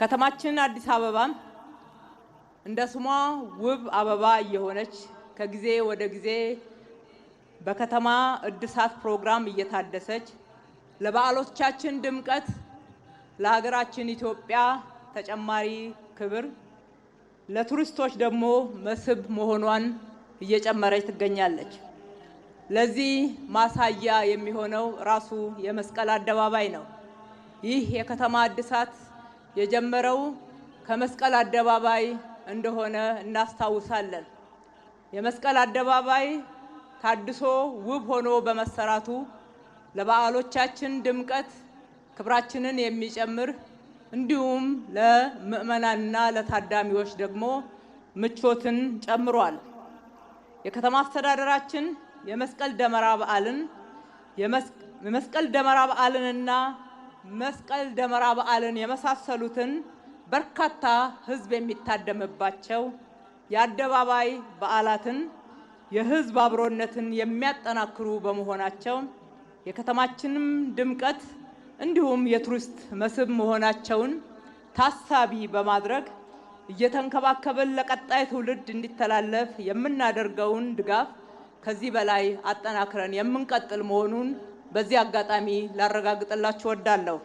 ከተማችን አዲስ አበባም እንደ ስሟ ውብ አበባ እየሆነች ከጊዜ ወደ ጊዜ በከተማ እድሳት ፕሮግራም እየታደሰች ለበዓሎቻችን ድምቀት ለሀገራችን ኢትዮጵያ ተጨማሪ ክብር ለቱሪስቶች ደግሞ መስህብ መሆኗን እየጨመረች ትገኛለች። ለዚህ ማሳያ የሚሆነው ራሱ የመስቀል አደባባይ ነው። ይህ የከተማ እድሳት የጀመረው ከመስቀል አደባባይ እንደሆነ እናስታውሳለን። የመስቀል አደባባይ ታድሶ ውብ ሆኖ በመሰራቱ ለበዓሎቻችን ድምቀት ክብራችንን የሚጨምር እንዲሁም ለምዕመናንና ለታዳሚዎች ደግሞ ምቾትን ጨምሯል። የከተማ አስተዳደራችን የመስቀል ደመራ በዓልን የመስቀል ደመራ በዓልንና መስቀል ደመራ በዓልን የመሳሰሉትን በርካታ ህዝብ የሚታደምባቸው የአደባባይ በዓላትን የህዝብ አብሮነትን የሚያጠናክሩ በመሆናቸው የከተማችንም ድምቀት እንዲሁም የቱሪስት መስህብ መሆናቸውን ታሳቢ በማድረግ እየተንከባከብን ለቀጣይ ትውልድ እንዲተላለፍ የምናደርገውን ድጋፍ ከዚህ በላይ አጠናክረን የምንቀጥል መሆኑን በዚህ አጋጣሚ ላረጋግጥላችሁ እወዳለሁ።